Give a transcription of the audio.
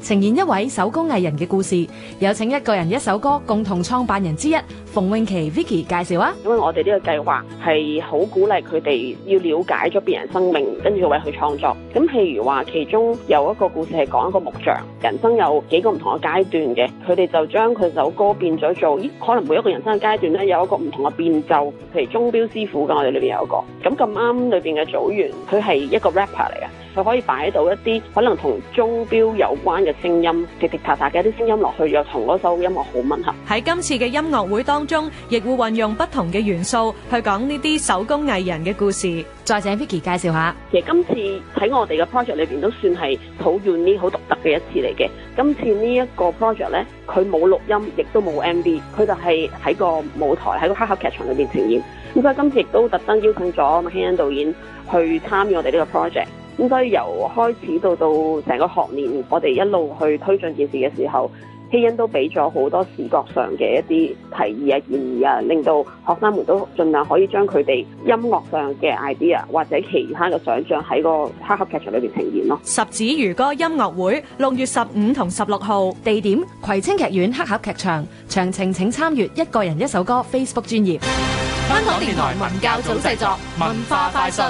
呈現一位手工藝人嘅故事，有請一個人一首歌，共同創辦人之一馮詠琪 Vicky 介紹啊。因為我哋呢個計劃係好鼓勵佢哋要了解咗別人生命，跟住為佢創作。咁譬如話，其中有一個故事係講一個木匠，人生有幾個唔同嘅階段嘅，佢哋就將佢首歌變咗做，咦，可能每一個人生嘅階段咧，有一個唔同嘅變奏。譬如鐘錶師傅嘅，我哋裏邊有一個，咁咁啱裏邊嘅組員，佢係一個 rapper 嚟嘅，佢可以擺到一啲可能同鐘錶有關。嘅聲音，滴滴嗒嗒嘅啲聲音落去，又同嗰首音樂好吻合。喺今次嘅音樂會當中，亦會運用不同嘅元素去講呢啲手工藝人嘅故事。再請 Vicky 介紹下。其實今次喺我哋嘅 project 裏邊都算係好 unique，好獨特嘅一次嚟嘅。今次呢一個 project 咧，佢冇錄音，亦都冇 MV，佢就係喺個舞台喺個黑盒劇場裏邊呈現。咁所以今次亦都特登邀請咗麥希恩導演去參與我哋呢個 project。咁所以由開始到到成個學年，我哋一路去推進件事嘅時候，希恩都俾咗好多視覺上嘅一啲提議啊、建議啊，令到學生們都盡量可以將佢哋音樂上嘅 idea 或者其他嘅想像喺個黑盒劇場裏面呈現咯。十指如歌音樂會，六月十五同十六號，地點葵青劇院黑盒劇場，詳情請參閱一個人一首歌 Facebook 專頁。香港電台文教組製作文化快訊。